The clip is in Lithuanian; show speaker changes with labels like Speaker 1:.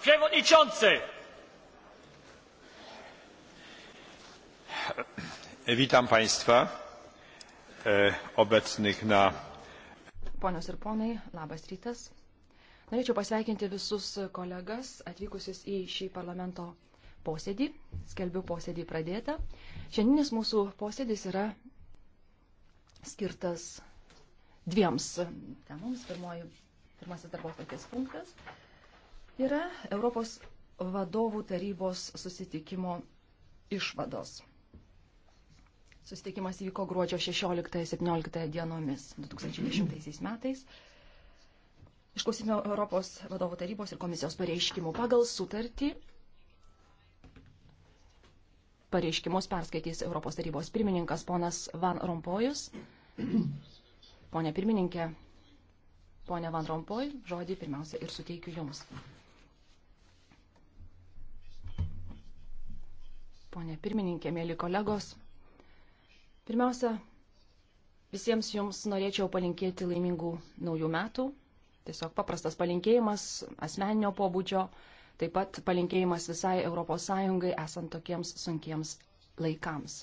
Speaker 1: przewodniczący!
Speaker 2: Witam Państwa e, obecnych na.
Speaker 3: Ponios ir ponai, labas rytas. Norėčiau pasveikinti visus kolegas atvykusius į šį parlamento posėdį. Skelbiu posėdį pradėtą. Šiandienis mūsų posėdis yra skirtas dviems temoms. Pirmoji, pirmasis darbo atvarkės punktas yra Europos vadovų tarybos susitikimo išvados. Susitikimas įvyko gruodžio 16-17 dienomis 2010 metais. Išklausime Europos vadovų tarybos ir komisijos pareiškimų. Pagal sutartį pareiškimus perskaitys Europos tarybos pirmininkas ponas Van Rompojus. Pone pirmininkė, ponė Van Rompoj, žodį pirmiausia ir suteikiu Jums. ponė pirmininkė, mėly kolegos. Pirmiausia, visiems jums norėčiau palinkėti laimingų naujų metų. Tiesiog paprastas palinkėjimas asmeninio pobūdžio, taip pat palinkėjimas visai ES esant tokiems sunkiems laikams.